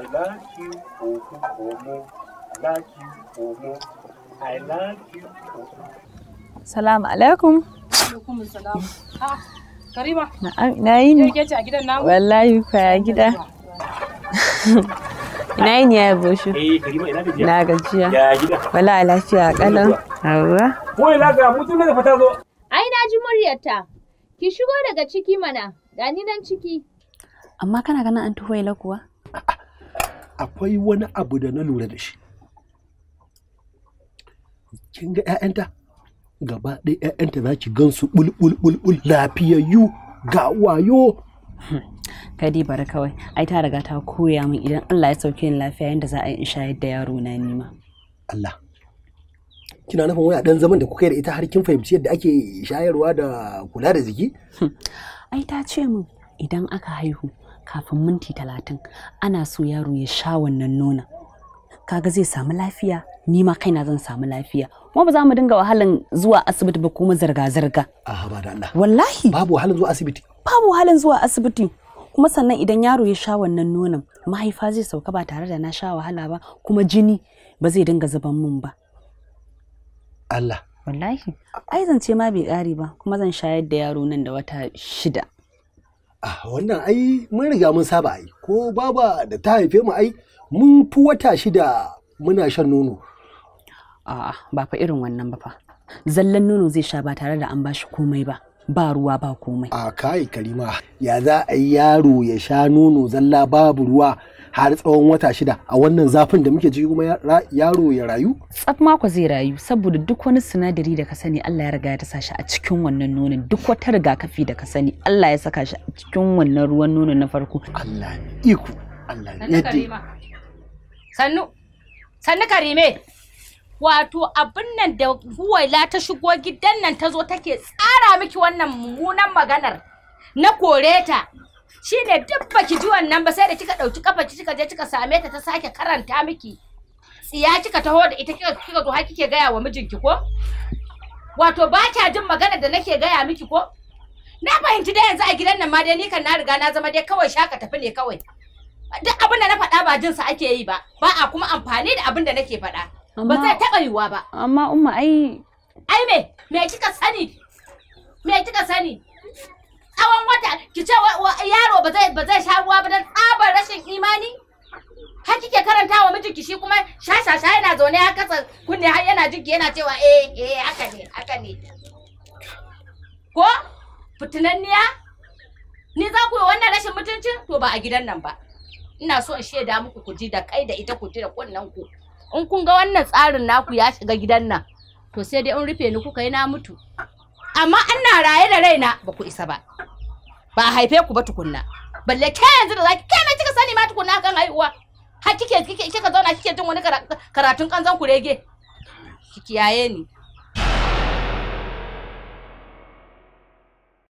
I like you, Oku Omo. I like you, Omo. I like you, Oku. Salamu alaikum. Alaikum salam. Ah, Karima. Na'am, ina yini. Ke ce a gidan namu? Wallahi ko ya gida. Ina yini ya boshu. Eh, Karima ina gajiya. Na gajiya. Ya gida. Wallahi lafiya kalan. Hawa. Ko ina ga mutum ne da fata zo. Ai na ji muryarta. Ki shigo daga ciki mana. Gani nan ciki. Amma kana ganin an la kuwa? akwai wani abu da na lura da shi kin ga 'ya'yanta gaba ɗaya 'ya'yanta za ki gansu ɓulɓulɓulɓul lafiyayyu ga wayo kadi bari kawai ai ta riga ta koya min idan Allah ya sauke ni lafiya yadda za a yi in yadda yaro na nima Allah kina nufin waya dan zaman da kuka yi da ita har kin fahimci yadda ake shayarwa da kula da ziki ai ta ce min idan aka haihu kafin minti talatin ana so yaro ya sha wannan nonon kaga zai samu lafiya ni ma kaina zan samu lafiya kuma ba za mu dinga wahalan zuwa asibiti ba kuma zirga-zirga a ba da wallahi babu wahalan zuwa asibiti babu wahalan zuwa asibiti kuma sannan idan yaro ya sha wannan nonon mahaifa zai sauka ba tare da na sha wahala ba kuma jini ba zai dinga zuban mun ba Allah wallahi ai ce ma bai kare ba kuma zan shayar da yaro nan da wata shida Ah, wannan ai mun riga mun saba ai ko baba da ta haife mu ai mun fi wata shida muna shan nono. A'a ah, ba fa irin wannan ba fa. Zallan nono zai sha ba tare da an bashi komai ba. ba ruwa ba komai a kai karima ya za a yi yaro ya sha nono zalla babu ruwa har tsawon wata shida a wannan zafin da muke ji kuma yaro ya rayu tsaf mako zai rayu saboda duk wani sinadari da ka sani Allah ya riga ya sa shi a cikin wannan nonon duk wata rigakafi da ka sani Allah ya saka shi a cikin wannan ruwan nonon na farko Allah ne iko Allah ne sannu karime wato abin nan da huwaila ta shigo gidan nan ta zo take tsara miki wannan mummunan maganar na kore ta shine duk baki ji wannan ba sai da kika dauki kafa kika je kika same ta ta sake karanta miki tsiya kika taho da ita kika kika zo har kike gaya wa mijinki ko wato ba kya jin magana da nake gaya miki ko na fahimci da yanzu a gidan nan ma dai ni kan na riga na zama dai kawai shaka tafi ne kawai duk abin da na faɗa ba jinsa ake yi ba ba a kuma amfani da abin da nake faɗa ba zai taɓa yiwuwa ba amma umma ai ai me me kika sani me kika sani tsawon wata ki ce yaro ba zai ba zai sha ruwa ba dan tsabar rashin imani har kike karanta wa mijinki shi kuma shashasha yana zaune ya kasa kunne har yana jinki yana cewa eh eh haka ne haka ne ko fitinanniya ni za ku yi wannan rashin mutuncin to ba a gidan nan ba ina so in shaida muku ku ji da kai da ita ku ji da kunnen ku in kun ga wannan tsarin naku ya shiga gidan nan to sai dai in rufe ni kuka yi na mutu amma ina raye da raina ba ku isa ba ba a haife ku ba tukunna balle ke yanzu da zaki ke mai kika sani ma tukunna kan haihuwa har kike kike kika zauna kike jin wani karatun kanzan kurege ki kiyaye ni